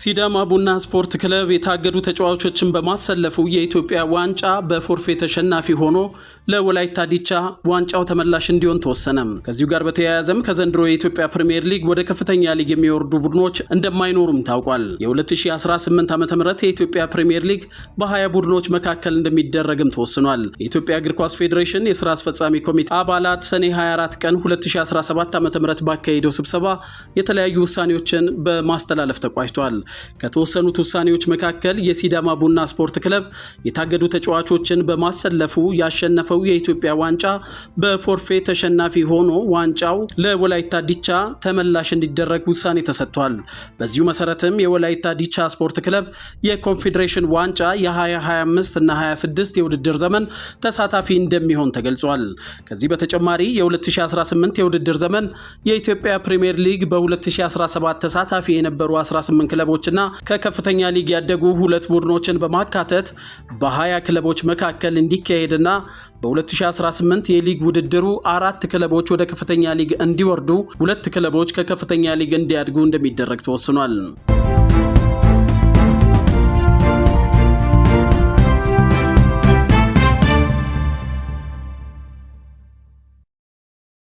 ሲዳማ ቡና ስፖርት ክለብ የታገዱ ተጫዋቾችን በማሰለፉ የኢትዮጵያ ዋንጫ በፎርፌ ተሸናፊ ሆኖ ለወላይታ ዲቻ ዋንጫው ተመላሽ እንዲሆን ተወሰነ። ከዚሁ ጋር በተያያዘም ከዘንድሮ የኢትዮጵያ ፕሪምየር ሊግ ወደ ከፍተኛ ሊግ የሚወርዱ ቡድኖች እንደማይኖሩም ታውቋል። የ2018 ዓ ም የኢትዮጵያ ፕሪምየር ሊግ በ20 ቡድኖች መካከል እንደሚደረግም ተወስኗል። የኢትዮጵያ እግር ኳስ ፌዴሬሽን የስራ አስፈጻሚ ኮሚቴ አባላት ሰኔ 24 ቀን 2017 ዓ ም ባካሄደው ስብሰባ የተለያዩ ውሳኔዎችን በማስተላለፍ ተቋጭቷል። ከተወሰኑት ውሳኔዎች መካከል የሲዳማ ቡና ስፖርት ክለብ የታገዱ ተጫዋቾችን በማሰለፉ ያሸነፈ ባለፈው የኢትዮጵያ ዋንጫ በፎርፌ ተሸናፊ ሆኖ ዋንጫው ለወላይታ ዲቻ ተመላሽ እንዲደረግ ውሳኔ ተሰጥቷል። በዚሁ መሰረትም የወላይታ ዲቻ ስፖርት ክለብ የኮንፌዴሬሽን ዋንጫ የ2025 እና 26 የውድድር ዘመን ተሳታፊ እንደሚሆን ተገልጿል። ከዚህ በተጨማሪ የ2018 የውድድር ዘመን የኢትዮጵያ ፕሪምየር ሊግ በ2017 ተሳታፊ የነበሩ 18 ክለቦችና ከከፍተኛ ሊግ ያደጉ ሁለት ቡድኖችን በማካተት በ20 ክለቦች መካከል እንዲካሄድና በ2018 የሊግ ውድድሩ አራት ክለቦች ወደ ከፍተኛ ሊግ እንዲወርዱ፣ ሁለት ክለቦች ከከፍተኛ ሊግ እንዲያድጉ እንደሚደረግ ተወስኗል።